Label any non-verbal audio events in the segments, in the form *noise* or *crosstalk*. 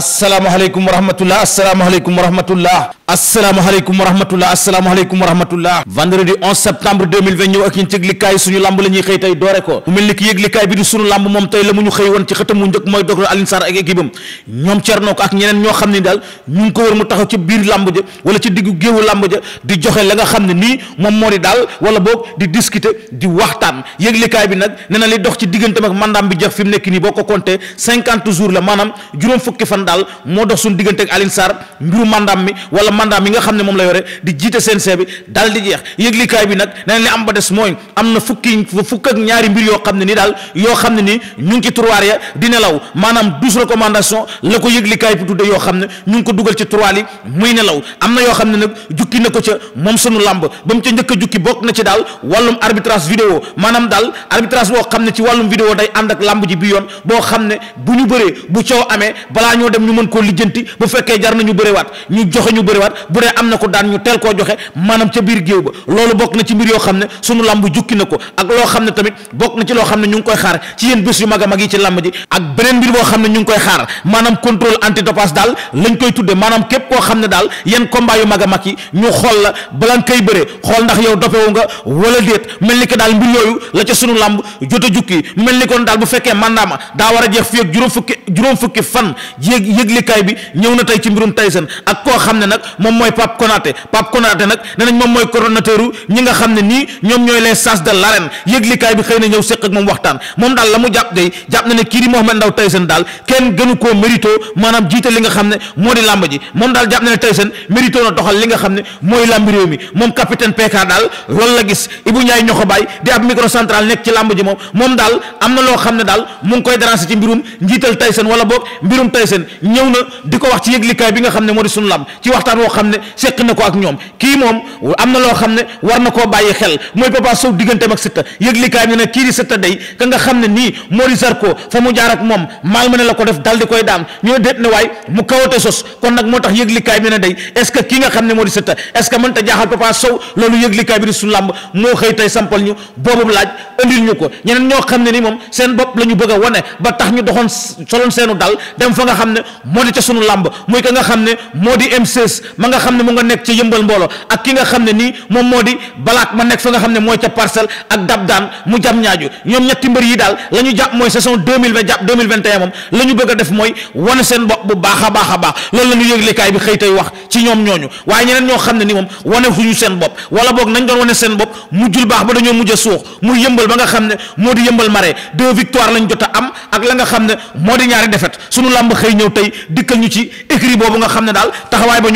asalaamaaleykum wa rahmatulah asalaamaaleykum wa rahmatulah. asalaamaaleykum wa rahmatulah asalaamaaleykum wa rahmatulah. vendredi 11 septembre ñëw ak yéen yëglikaay suñu lamb la ñuy xëy tey doore ko mu mel ni ki yëglikaay bi di suñu lamb moom tey la mu ñu xëy woon ci xëtam mu njëkk mooy docteur Alioune ak équipe am ñoom cernoo ko ak ñeneen ñoo xam ne daal ñu ngi ko wër mu taxaw ci biir lamb ja wala ci diggu géewu lamb ja di joxe la nga xam ne nii moom moo daal wala boog di discuter di waxtaan yëglikaay bi nag nee na li dox ci digganteem ak mandaam bi jeex fi mu nekk nii boo ko compté maanaam juróom fukki fan daal moo dox suñu diggante ak Alioune Sarr mbiru mandaam mi wala mandaam mi nga xam ne moom la yore di jiite CNG bi daal di jeex yëglikaay bi nag nee li am ba des mooy am na fukki fukk ak ñaari mbir yoo xam ne ni daal yoo xam ne ni ñu ngi ci tiroir ya di nelaw maanaam la ko yëglikaay bi tudde yoo na yoo xam ne nag ca moom sunu làmb ba mu ca njëkk a jukki bokk na ci daal wàllum arbitrage vidéo maanaam daal arbitrage boo xam ne ci wàllum vidéo day ànd ak làmb ji bi yoon boo xam ne bu ñu bëree bu coow amee balaa ñoo dem ñu mën koo lijjanti bu fekkee jar nañu bëriwaat ñu joxe ñu bëriwaat bu dee am na ko daan ñu teel koo joxe maanaam ca biir géew ba loolu bokk na ci mbir yoo xam ne sunu làmb jukki na ko ak loo xam ne tamit bokk na ci loo xam ne ñu ngi koy xaar ci yéen bés yu mag a mag yi ci làmb ji ak beneen mbir boo xam ne ñu ngi koy xaar maanaam contrôle antidopage daal lañ koy tudde maanaam képp koo xam ne daal yéen combat yu mag a mag yi ñu xool la balan koy bëree xool ndax yow dopewu nga wala déet mel ni que daal mbir yooyu a jukki mel ni kon daal bu fekkee yëglikaay bi ñëw na tey ci mbirum Tyson ak koo xam ne nag moom mooy Pape Konaté Pape Konaté nag ne nañ moom mooy coordonnateur ñi nga xam ne nii ñoom ñooy les sages de l'arène yëglikaay bi xëy na ñëw séq ak moom waxtaan moom daal la mu jàpp day jàpp na ne kii di Mohamed Ndao Tyson daal kenn gënu koo mérito maanaam jiital li nga xam ne moo di làmb ji moom daal jàpp na ne Tyson mérito na doxal li nga xam ne mooy làmb réew mi moom capitaine PK daal loolu la gis Ibou Ndiaye Ñoxobaay di ab microcentral nekk ci làmb ji moom moom daal am na loo xam ne daal mu ngi koy déranger ci mbirum njiital Tyson wala boog mbirum Tyson ñëw na di ko wax ci yëglikaay bi nga xam ne moo di sunu làmb ci waxtaan woo xam ne seq na ko ak ñoom kii moom am na loo xam ne war na koo bàyyi xel mooy Papa Sow digganteem ak Siteu yëglikaay bi ne kii di nga xam ne nii moo di Zarko fa mu jaar ak moom maal ma la ko def dal di koy daam ñu ne déet ne waay mu kawate sos kon nag moo tax yëglikaay bi ne day est-ce que kii nga xam ne moo di Siteu est-ce que mën ta jaaxal Papa Sow loolu yëglikaay bi xëy tey sampal ñu boobu laaj andil ñu ko ñeneen ñoo xam ne ni moom seen bopp la ñu bëgg a wone ba tax ñu doxoon soloon seenu dal dem fa nga xam ne moo di ca sunu làmb muy ka nga xam ne moo di M16 ma nga xam ne mu nga nekk ca yëmbal mbooloo ak ki nga xam ne nii moom moo di balaak ma nekk fa nga xam ne mooy ca parcelle ak dab daan mu jam ñaaju ñoom yi daal la ñu jàpp mooy saison deux mille vingt jàpp deux moom la ñu bëgg a def mooy wane seen bopp bu a baax a baax ñoo xam ne ni moom wane suñu seen bopp wala boog nañ doon wane seen a suux muy yëmbal ba nga xam ne moo di yëmbal mare deux victoire lañ jot a am ak la nga xam ne moo di ñaari défaite sunu làmb xëy ñëw tey dikkal ñu ci écrit boobu nga xam ne daal taxawaay ba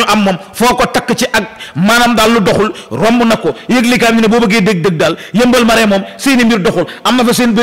ko na ko yëglikaay bi ne boo bëggee dégg dëgg daal yëmbal mare moom seeni mbir doxul am na fa seen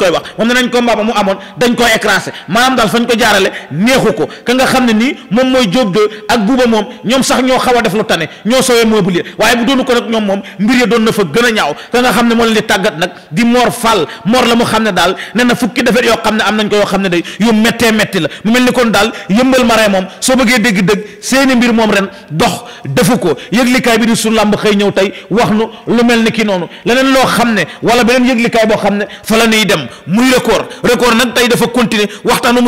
koy wax moom ne nañ ko mbaaba mu amoon dañ koy écrasé maanaam daal fañ ko jaarale neexu ko ka nga xam ne nii moom mooy jóob de ak buuba moom ñoom sax ñoo xaw a def lu tane ñoo sowee mobilier waaye bu doonu ko nag ñoom moom mbir ya doon na fa gën a ñaaw ka nga xam ne moo leen di tàggat nag di moor fàll moor la mu xam ne daal ne na fukki defet yoo xam ne am nañ ko yoo xam ne day yu mettee dee metti la mu mel ni kon daal yëmbal marin moom soo bëggee dégg-dëgg seeni mbir moom ren dox defu ko yëglikaay bi di suñu làmb xëy ñëw tey wax nu lu mel ni ki noonu leneen loo xam ne wala beneen yëglikaay boo xam ne fa la nuy dem mu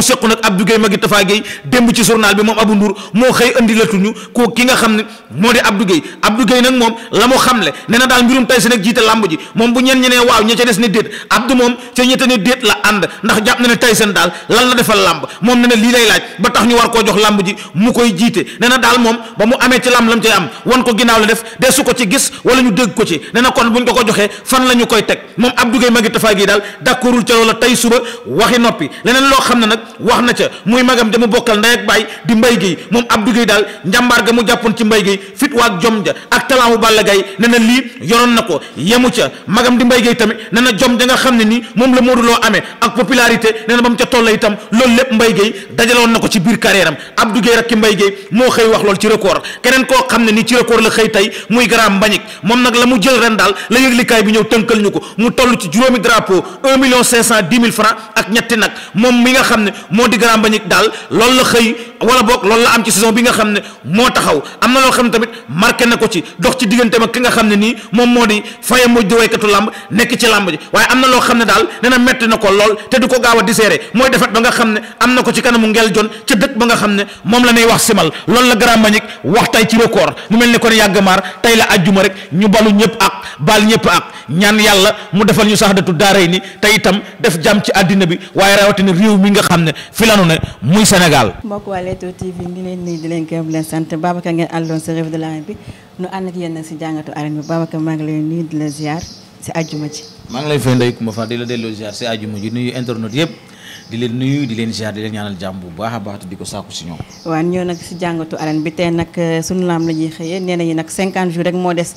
sequ nag Abdou Gueye magi Tafa Gueye démb ci journal bi moom Abou Ndour moo ki nga xam ne moo di Abdou Gueye Abdou Gueye la mu xamle nee na daal mbirum tey si nag jiite làmb ji moom bu ñen ñenee waaw ña ca des ne déet Abdou moom ca ñette ne déet la ànd ndax jàpp na ne tey seen daal lan la defal làmb làmb moom ne na lii lay laaj ba tax ñu war koo jox làmb ji mu koy jiite ne na daal moom ba mu amee ci làmb lam cay am wan ko ginnaaw la def dee su ko ci gis wala ñu dégg ko ci ne ko la ñu koy teg moom Abdou Gueye magi tafaa gii daal d'accordul ca loola tey suba waxi noppi leneen loo mu bokkal ci Mbaye Gueye fit waak ja ak talaamu Balla Gaye ne lii yoroon na ko yemu ca magam di Mbaye Gueye tamit ne na ja nga xam ne nii moom la Modou Lo amee ak popularité ne ba mu ca tolla itam loolu lépp Mbaye Gueye dajaloon na ko ci biir carrière am Abdou Gueye rakki Mbaye Gueye moo xëy wax loolu ci record keneen koo xam ne ni ci record la xëy tey muy garaam mbañik moom nag la mu jël ren daal la yëglikaay bi ñëw tënkal ñu ko mu toll ci juróomi drapeau un million cinq cent dix mille francs ak ñetti nag moom mi nga xam ne moo di garaam mbañik daal loolu la xëy wala boog loolu la am ci saison bi nga xam ne moo taxaw am na loo xam ne tamit marqué na ko ci dox ci digganteem ma ki nga xam ne nii moom moo di Faye Mbodj di waykatu làmb nekk ci làmb ji waaye am na loo xam ne daal nee na metti na ko lool te du ko gaaw a diseere mooy defat ba nga xam ne am na ko ci kanamu ngel jon ca dëkk ba nga xam ne moom la nay wax simal loolu la Grand Mbagnick wax tey ci record mu mel ni kon yàgg maar tey la ajjuma rek ñu balu ñëpp ak baal ñëpp ak ñaan yàlla mu defal ñu saxdatu daaray ni te itam def jàmm ci àddina bi waaye rawatina réew mi nga xam ne fi ne muy Sénégal. mbokk waa Leewtoo TV ngi leen nii di bi nu ànd ak yéen la ziar si àjjuma ji. maa ngi lay fay ndey Koumba Fall di la delloo ziar si àjjuma ji nuyu internet yëpp. di leen nuyu di leen ziar di leen ñaanal jàmm bu baax a baax te di ko sàkku si ñoom. waaw ñëw nag si jàngatu arène bi tey nag sunu laam la ñuy xëyee nee nañu nag 50 moo des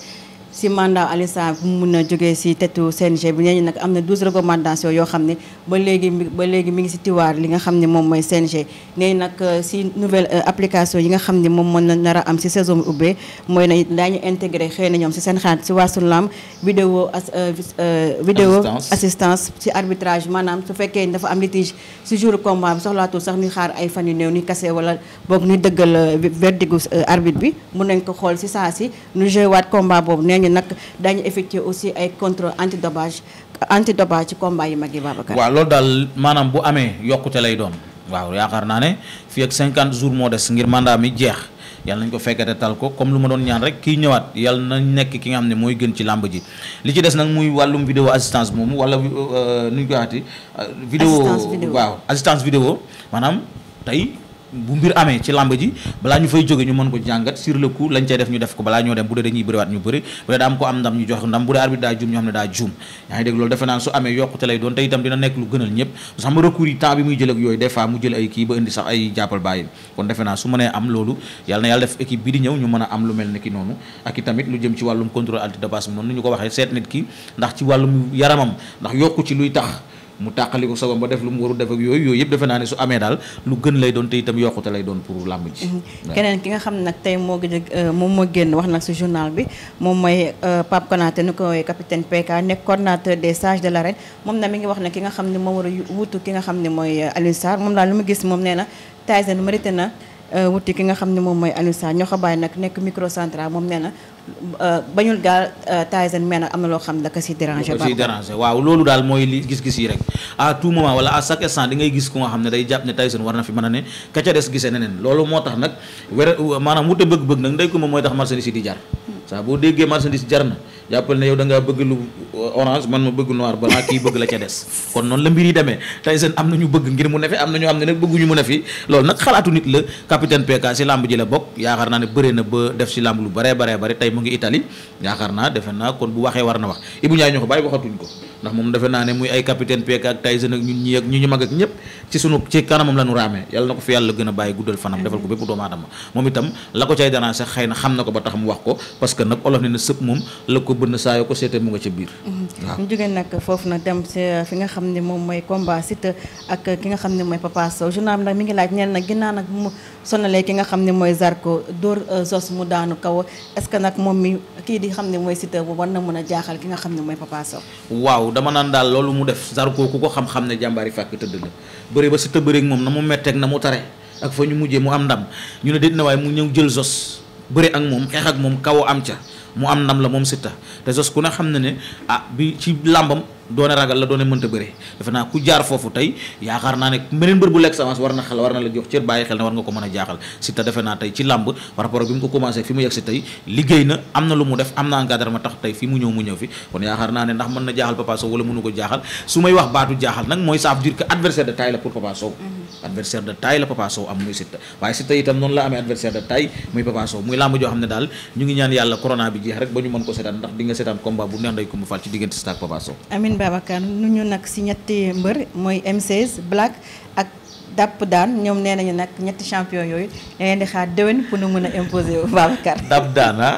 si mandat Alissa bu mun a jógee si tetu CNG bi nee ñu nag am na douze recommandations yoo xam ne ba léegi ba léegi mi ngi si tiwaar li nga xam ne moom mooy CNG nee nag euh, si nouvelle euh, application yi nga xam ne moom mën na nar am si saison bi ubbee mooy ne daañu intégré xëy na ñoom si seen xalaat si waasu lam vidéo as euh, vidéo assistance si arbitrage maanaam su fekkee dafa am litige si jour combat bi soxlaatul sax ñuy xaar ay fan yu néew ni kase wala boog ñuy dëggal verdigu arbitre bi mun nañ ko xool si saa si ñu ni nag daañu effectuer aussi ay contrôle antidopage antidopage ci combat yi mag yi Babacar. waaw loolu daal maanaam bu amee yokkute lay doon waaw yaakaar naa ne fi ak 50 jours moo des ngir mandat mi jeex. yàlla nañ ko fekkete tal ko comme lu ma doon ñaan rek kii ñëwaat yàlla nañ nekk ki nga xam ne mooy gën ci làmb ji li ci des nag muy wàllum vidéo assistance moomu wala euh, nu ñu koy waxati euh, vidéo waaw assistance vidéo maanaam tey bu mbir amee ci làmb ji balaa ñu fay jóge ñu mën ko jàngat sur le coup lañ cay def ñu def ko balaa ñoo dem bu dee dañuy bëriwaat ñu bëri bu dee daa am ko am ndam ñu jox ndam bu dee arbitre daa juum ñu xam ne daa juum yaa ngi dégg loolu defe naa su amee yokkute lay doon te itam dina nekk lu gënal ñëpp parce que recours yi temps bi muy jël yooyu des mu jël ay kii ba indi sax ay jàppal bàyyi kon defe naa su mënee am loolu yàlla na yàlla def équipe bi di ñëw ñu mën a am lu mel ni ki noonu ak i tamit lu jëm ci wàllum contrôle anti dopage noonu ñu ko waxee seet nit ki ndax ci wàllum yaramam ndax yokku ci mu tàqali ko sagom def lu mu warul def yooyu yooyu yëpp defe naa ne su amee daal lu gën lay doon te itam yokkute lay doon pour làmb ji mhm. keneen ki nga xam ne nag tey moo euh, moom moo génn wax nag si journal bi moom mooy euh, Pape Konaté nu ko capitaine PK nekk coordinateur des sage de l'arène moom na mi ngi wax ne ki nga xam ne moo war a wutu ki nga xam ne mooy euh, Alioune Sarr moom daal lu ma gis moom nee na Tyson mérité na Euh, wuti ki nga xam ne moom mooy Alioune Sarr ñoo xabaay nag nekk micro moom nee na euh, bañul gaal euh, Tyson mais am na loo xam ne da ko si déranger. waaw loolu daal mooy li gis-gis yi rek à tout moment wala à chaque instant di gis ku nga xam ne day jàpp ne Tyson war na fi mën ne ka ca des gisee neneen loolu moo tax nag wér maanaam wute bëgg-bëgg nag ndey ko moom mooy tax marchandise yi di jar. Hmm. saa boo déggee marchandise jar na. jàppal ne yow da ngaa bëgg lu euh, orange man ma bëgg noir balaa kii bëgg la ca des kon noonu la mbir yi demee tey am na ñu bëgg ngir mu ne fi am na ñoo xam ne nag bëgguñu mu ne fi nag xalaatu nit la capitaine PK si lamb ji la bokk yaakaar naa ne bëree na ba def si lamb lu bare bare bare tey mu ngi Italie yaakaar naa defe naa kon bu waxee war na wax Ibou Ndiaye ñoo bàyyi waxatuñ ko ndax moom defe naa ne muy ay capitaine PK ak Tyson ak ñu ñu ak ñëpp ba tax mu bënn saa yoo ko seetee mu biir. Mhm. waaw nag foofu na dem si euh, nga xam ne moom mooy combat ak ki nga xam ne mooy Papa Sow journal bi nag mi ngi laaj ñenn nag ginnaaw nag mu sonalee ki nga xam ne mooy Zarko dóor euh, Zos mu daanu kaw est-ce que nag moom mi kii di xam ne mooy Siteu bu na mën a jaaxal ki nga xam ne mooy Papa waaw dama naan daal loolu mu def Zarko ku ko xam-xam ne jàmbaari fàkk tëdd la bëri ba Siteu bëri ak moom na mu metteeg na mu tare ak fa ñu mujjee mu am ndam ñu ne déet na waaye mu ñëw jël Zos bëri ak moom xeex ak moom kawoo am ca mu am ndam la moom Siteu te Zoss ku ne xam na ne ah bi ci làmbam doone ragal la doone mënta bëre defe naa ku jaar foofu tey yaakaar naa ne meneen mbër bu lekk avance war na war na la jox cër bàyyi xel ne war nga ko mën a jaaxal Siteu defe naa tey ci làmb par rapport bi mu ko commencé fi mu yegg si tey liggéey na am na lu mu def am na encadrement tax tey fi mu ñëw mu ñëw fi kon yaakaar naa ne ndax mën na jaaxal Papa Sow wala mënu ko jaaxal su may wax baatu jaaxal nag mooy ça veut dire que adversaire adversaire de taille la Papa am muy Siteu waaye Siteu itam noonu la amee adversaire de taille muy Papa muy làmb joo xam ne daal ñu ngi ñaan yàlla corona bi jeex rek ba ñu mën ko seetaan ndax di nga seetaan bu neex nday ko ci diggante Siteu ak Papa amin Babacar nu ñu nag si ñetti mbër mooy m Black ak dàpp daan ñoom nee nañu nag ñetti champion yooyu leen di xaar déwén pour nu mën a imposer Babacar dàpp daan ah.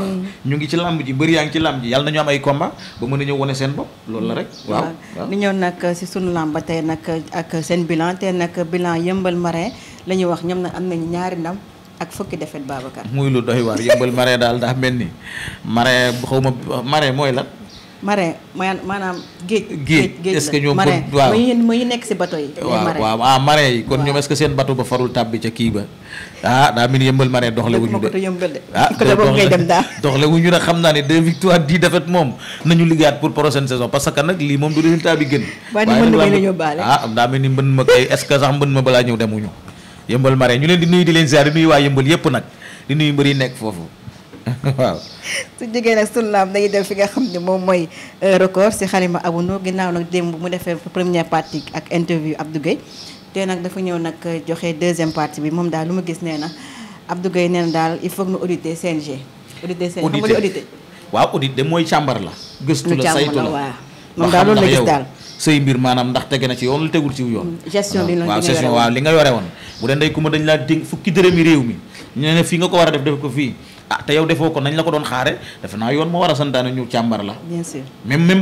wax ñu ngi ci làmb ji bëri yaa ngi ci làmb ji yàlla nañu am ay combat ba mën a ñëw wane seen bopp loolu la rek waaw ni ñëw nag si sunu làmb ba tey nag ak seen bilan tey nag bilan yëmbal marin la ñuy wax ñoom nag am nañu ñaari ndam ak fukki defet Babacar muy lu doy waar yëmbal marin daal daa mel ni marin xaw ma mooy la marin maanaam géej. géej géej est-ce que ñoom marin waaw muy nekk si bateau yi. waaw waaw ah marin yi kon ñoom est-ce que seen bateau ba farul tàbbi ca kii ba. ah daa mel ni yëmbal marin doxlewuñu de ah côté boobu ngay dem daal doxlewuñu de xam naa ne deux victoires dix défaites moom nañu liggéeyaat pour prochaine saison parce que nag lii moom du résultat bi gën. waaye nag la ah daa mel ni mbën ma kay est-ce que sax mbën ma balaa ñëw demuñu. yëmbal marin ñu leen di nuyu di leen ziar di nuyu waa yëmbal yëpp nag di nuyu mbër yi nekk foofu *laughs* waaw su jógee nag sunu laam dañuy fi nga xam ne moom mooy euh, record si xalima Abou Nour ginnaaw nag démb mu defee première partie ak interview Abdou Guèye te nag dafa ñëw nag euh, joxe deuxième partie bi moom daal lu ma gis nee na Abdou Guèye nee daal il faut que ñu auditer CNG. auditer CNG xam nga waaw audit de mooy càmbar la. gëstu la saytu la waaw moom daal loolu la gis daal. say mbir maanaam ndax tege na ci yoon la tegul ci yoon. Mm, gestion bi waaw gestion waaw li nga yore woon. bu dee ndey kuma fukki dërëmi réew mi ñu ne nga ko war def def ko fii ah te yow defoo ko nañ la ko doon xaare defe naa yoon moo war a santaane ñu càmbar la bien sûr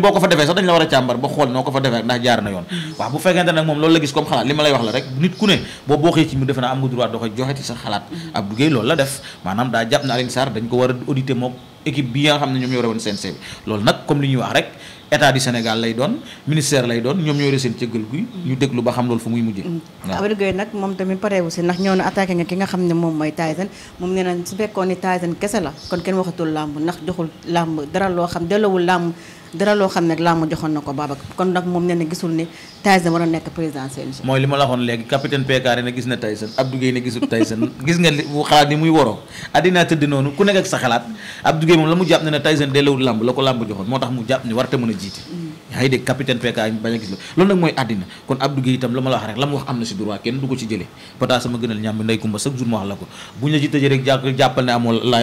boo ko fa defee sax dañ la war a càmbar ba xool noo ko fa defee ndax jaar na yoon mhm. waaw bu fekkente nag moom loolu la gis comme xalaat li ma lay wax la rek nit ku ne boo booxee ci mu defe naa am nga droit doo koy joxe ci sa xalaat mhm. Abdou Guèye loolu la def maanaam daa jàpp na Alioune Sarr dañ ko war a auditer mook équipe bi nga xam ne ñoom ñoo rek état du Sénégal lay doon ministère lay doon ñoom ñoo seen cëggal guy ñu déglu ba xam loolu fu muy mujjee mm. Abdou Gueye nag moom tamit pareewu si ndax ñoo ne attaqué nga ki nga xam ne moom mooy Tyson moom nee na su fekkoon ni Tyson kese la kon kenn waxatul làmb ndax joxul làmb dara loo xam dellowul làmb dara loo xam ne làmb joxoon na ko Babacar kon nag moom nee na gisul ne Tyson war a nekk président CNG. mooy li ma la waxoon léegi capitaine Pekar ne gis na Tyson Abdou Guèye ne gisul Tyson *laughs* gis nga li bu xalaat ni muy waroo addinaa tëdd noonu ku nekk ak sa xalaat Abdou Guèye moom la mu jàpp ne ne Tyson dellawul làmb la ko làmb joxoon moo tax mu jàpp ni warate mën a jiite mm. yaa ngi dégg capitaine PK bañ a gis la loolu nag mooy àddina kon Abdou Guèye itam la ma la wax rek la mu wax am na si droit kenn du ko ci jëlee pata sama gënal ñaam bi ndey kumba chaque jour ma wax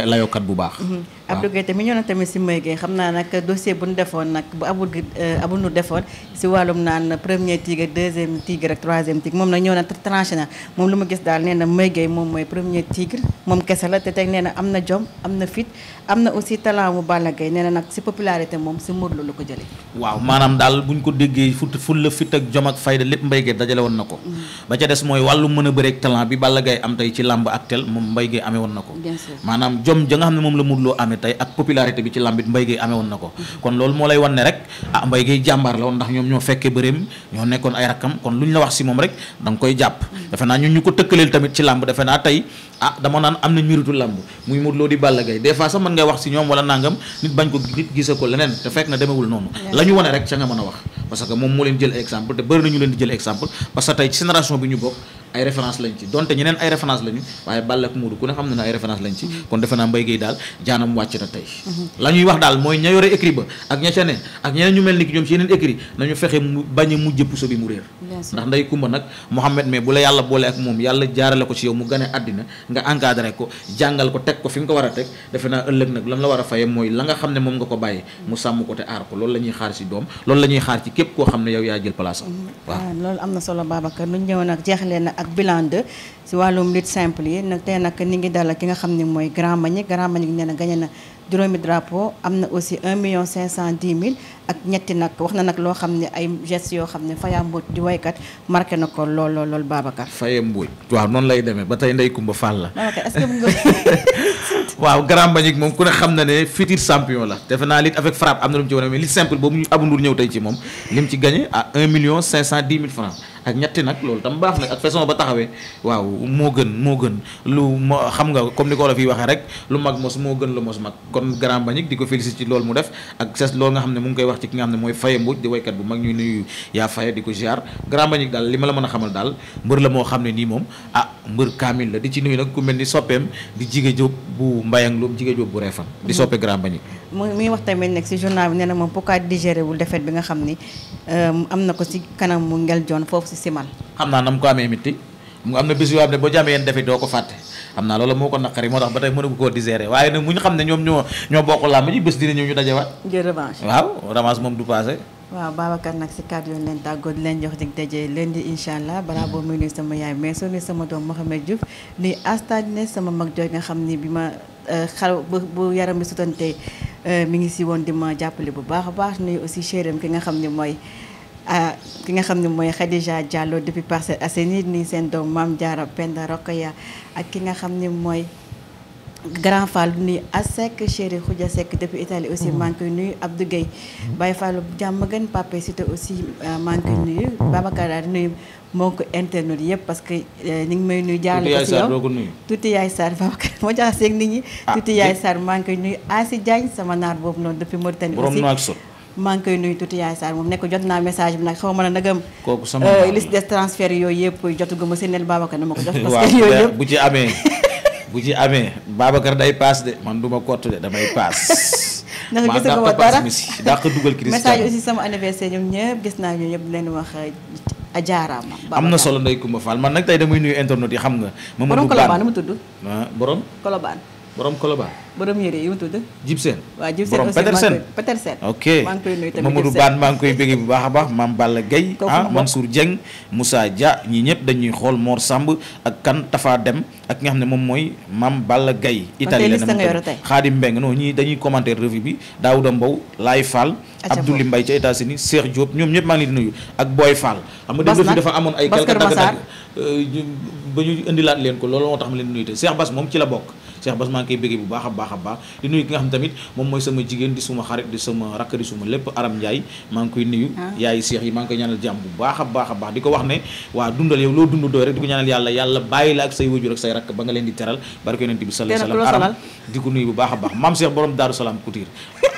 la ko bu baax mm-hmm. na tamit si may gay nag dossier bu ñu defoon nag bu abul euh, nu defoon si wàllum naan premier tigre deuxième tigre ak troisième tigre moom nag ñëw na tranché na moom lu ma gis daal nee na may gay moom mooy premier tigre moom kese la te teg nee na am na jom am na fit am na aussi talent bu Balla Gaye nee na nag si popularité moom si Modou Lo la ko jëlee waaw maanaam daal bu ñu ko déggee fut ful la fit ak jom ak fayda lépp Mbaye Gueye dajale woon na ko mm. ba ca des mooy wàllu mën a bëreek talent bi Balla Gaye am tey ci làmb ak tel moom Mbaye Gueye woon na ko maanaam jom ja xam ne moom la Modou Lo amee tey ak popularité bi ci làmb it Mbaye Gueye amee na ko mm-hmm. kon loolu moo lay wan ne rek ah Mbaye Gueye jàmbaar la woon ndax ñoom ñoo fekkee bëreem ñoo nekkoon ay rakkam kon lu ñu la wax si moom rek da nga koy jàpp mm. defe naa ñu ñu ko tëkkaleel tamit ci làmb defe naa tey ah dama naan am na miritu làmb muy Modou Lo di Balla Gaye des sax mën ngay wax si ñoom wala nangam nit bañ ko nit gise ko leneen te fekk na demewul noonu la ñu wane rek ca nga mën a wax parce que moom moo leen jël exemple te bëri na ñu leen di jël exemple parce tey génération bi ñu bokk ay référence lañ ci donte ñeneen ay référence lañu waaye Balla ak Modou ku ne xam na ay référence lañ ci kon defe naa Mbaye Guèye daal jaanam wàcc na tey mhm. la wax daal mooy ña ak a moom nga ko jàngal a teg a mu sàmm ko te aar ko loolu la xaar ci doom loolu la xaar ci képp koo xam ne yow yaa jël place am mhm. ah, loolu am na solo Babacar lu ñu ak jeexalee na ak bilan 2 si wàllum lutte simple yi nag tey nag ni ngi dalal ki nga xam ne mooy Grand Mbagnick Grand Mbagnick nee na gagné na juróomi drapeau am na aussi 1 million 510 mille ak ñetti nag wax na nag loo xam ne ay gestes yoo xam ne Faya Mbodj di waykat marqué na ko lool lool lool Babacar. Faya Mbodj waaw noonu lay demee ba tey Ndeye Kumba Fall la. Babacar est-ce que mu *laughs* waaw Grand Mbagnick moom ku ne xam na ne futur champion la defe naa lutte avec frappe am na lu mu ci wane mais lutte simple boobu ñu abundul ñëw tey ci moom lim ci gagné à 1 million 510 mille francs. ak ñetti nag loolu tam baax nag ak façon ba taxawee waaw moo gën moo gën lu moo xam nga comme ni ko la fiy waxee rek lu mag mos moo gën lu mos mag kon grand bañik di ko félicité ci loolu mu def ak ses loolu nga xam ne mu ngi koy wax ci ki nga xam ne mooy faye mbuj di waykat bu mag ñuy nuyu yaa faye di ko ziar grand bañik daal li ma la mën a xamal daal mbër la moo xam ne nii moom ah mbër kaamil la di ci nuyu nag ku mel ni soppeem di jige jóob bu mbayang lu jige jóob bu reefan di soppe grand mu muy wax tamit nag si journal bi nee na moom pourquoi digéré wul défaite bi nga xam ni euh, am na ko si kanamu ngel joon foofu si simal xam naa na mu ko amee mitti mu am na bis yoo xam ne ba tey mënu ko digéré xam ne ñoom ñoo ñoo bokk làmb ji bés dina ñëw ñu dajewaat jël revanche waaw revanche moom du passé waaw Babacar nag si kàddu yoon bi ma Euh, xaw bu bu yaram bi sutante euh, mi ngi si woon di ma jàppale bu baax a baax ni aussi chéram ki nga xam ni mooy euh, ki nga xam ni mooy Khadija Diallo depuis Parcelles Assainies nuyu seen doom Maam Diarra Penda Rokhaya ak ki nga xam ni mooy Grand Fall du nuyu Asek chéri Khoudia Seck depuis Italie aussi mm. maa ngi koy nuyu Abdou Gueye Baye Fall jàmm gën Pape Cité aussi euh, maa ngi koy mm. daal di nuyu moo ko internet yëpp parce que euh, ñu ngi may nuyu jaarale ko si yow tuuti Yaay Sarr Babacar moo jaxaseeg nit ñi ah, tuuti Yaay Sarr maa ngi koy nuyu Asi Diagne sama naar boobu noonu depuis Mauritanie aussi maa ngi koy nuy tuuti Yaay Sarr moom nekk jot naa message bi nag xaw ma na nagam. kooku euh, des transferts yooyu yëpp jotaguma seen nel Babacar na ma ko jox. *laughs* parce *laughs* bu ci amee Babacar day paas de man du ma kott de damay paas. *laughs* ndax gis nga ko dara dàq dugal cristal message aussi sama anniversaire ñoom ñëpp gis naa ñoo ñëpp leen wax a euh, jaaraama. am na solo ndey Kumba Fall man nag tey damay nuyu internet yi xam nga. Mamadou Ban borom Colobane mu tudd. Ah, borom Colobane. borom Colobane. borom yére yi mu tudd. Jib Sène. Jib Sène aussi borom Petersen. ok maa ngi koy nuyu tamit maa ngi koy bëgg bu baax a baax Mame Balla Gueye. ah Mansour Dieng Moussa Dia ñi ñëpp dañuy xool Mor Samb ak kan Tafa Dem ak nga xam ne moom mooy Mame Balla Gueye. Italie la na mu Khadim Mbeng non ñii dañuy commenter revue bi Daouda Mbow Laye Fall. Abdoulaye Mbaye ca États-Unis Cheikh Diop ñoom ñëpp maa ngi leen nuyu ak booy Fall. xam nga dem dafa amoon ay quelque tàgg euh, ba ñu indilaat leen ko loolu moo tax ma leen nuyu te Cheikh Bass moom ci la bokk Cheikh Bass maa ngi koy bëggee bu baax a baax a baax di nuyu ki nga xam tamit moom mooy sama jigéen di suma xarit di sama rakk di suma lépp Aram Ndiaye maa ngi koy nuyu ah. yaay Cheikh yi maa ngi koy ñaanal jàmm bu baax a baax a baax di ko wax ne waa dundal yow loo dund doy rek di ko ñaanal yàlla yàlla bàyyi la ak say wajur ak say rakk ba nga leen di teral barke yonent bi sallallahu alayhi wa sallam Aram di ko nuyu bu baax a baax maam Cheikh borom Daaru Salaam Couture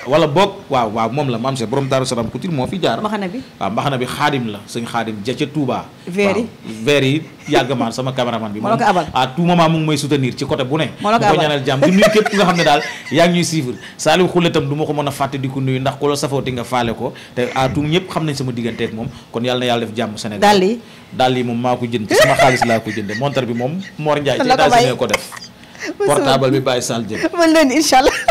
la maam Cheikh borom Daaru Salaam Couture moo fi jaar mbaxana bi waaw mbaxana bi xaadim la sëñ xaadim ja ca yàgg maan sama caméraman bi moom à tout moment mu ngi may soutenir ci côté bu ne ma ko ñaanal jàmm di nuyu képp nga xam ne daal yaa ngi ñuy suivre Saliou Khoule tam du ko mën a fàtte di ko nuyu ndax ku la safooti nga faale ko te à tout ñëpp xam nañ sama diggante ak moom kon yàlla na yàlla def jàmm Sénégal dal yi moom maa ko jënd ci xaalis laa ko jënde montar bi moom Mor Ndiaye *laughs* ci états ko def portable bi bàyyi Sall jël mën leen incha